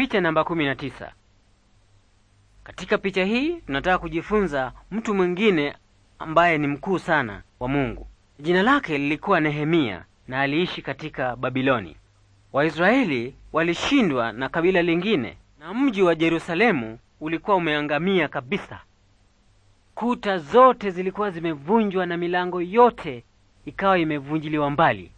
Picha namba tisa. Katika picha hii tunataka kujifunza mtu mwingine ambaye ni mkuu sana wa Mungu. Jina lake lilikuwa Nehemia na aliishi katika Babiloni. Waisraeli walishindwa na kabila lingine na mji wa Yerusalemu ulikuwa umeangamia kabisa. Kuta zote zilikuwa zimevunjwa na milango yote ikawa imevunjiliwa mbali,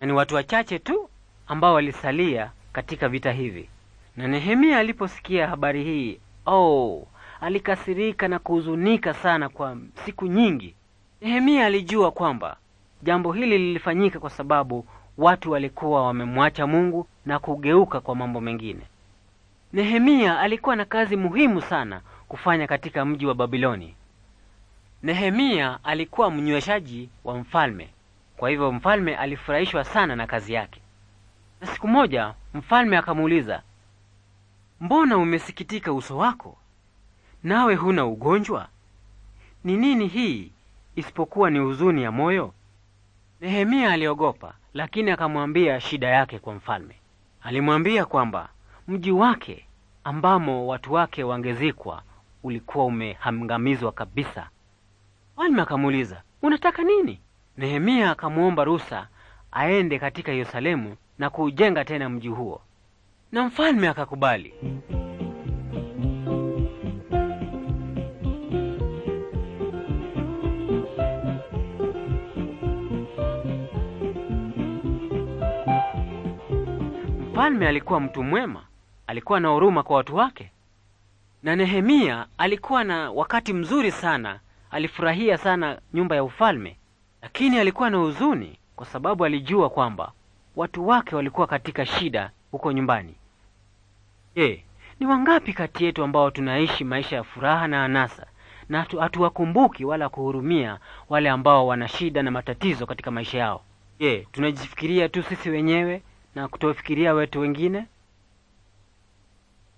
na ni watu wachache tu ambao walisalia katika vita hivi. Na Nehemia aliposikia habari hii, oh, alikasirika na kuhuzunika sana kwa siku nyingi. Nehemia alijua kwamba jambo hili lilifanyika kwa sababu watu walikuwa wamemwacha Mungu na kugeuka kwa mambo mengine. Nehemia alikuwa na kazi muhimu sana kufanya katika mji wa Babiloni. Nehemia alikuwa mnyweshaji wa mfalme, kwa hivyo mfalme alifurahishwa sana na kazi yake. Na siku moja mfalme akamuuliza, Mbona umesikitika uso wako? Nawe huna ugonjwa? Ni nini hii isipokuwa ni huzuni ya moyo? Nehemia aliogopa, lakini akamwambia shida yake kwa mfalme. Alimwambia kwamba mji wake ambamo watu wake wangezikwa ulikuwa umehangamizwa kabisa. Mfalme akamuuliza, unataka nini? Nehemia akamwomba ruhusa aende katika Yerusalemu na kuujenga tena mji huo na mfalme akakubali. Mfalme alikuwa mtu mwema, alikuwa na huruma kwa watu wake, na Nehemia alikuwa na wakati mzuri sana, alifurahia sana nyumba ya ufalme, lakini alikuwa na huzuni kwa sababu alijua kwamba watu wake walikuwa katika shida huko nyumbani. Je, ni wangapi kati yetu ambao tunaishi maisha ya furaha na anasa na hatuwakumbuki wala kuhurumia wale ambao wana shida na matatizo katika maisha yao? Je, tunajifikiria tu sisi wenyewe na kutofikiria wetu wengine?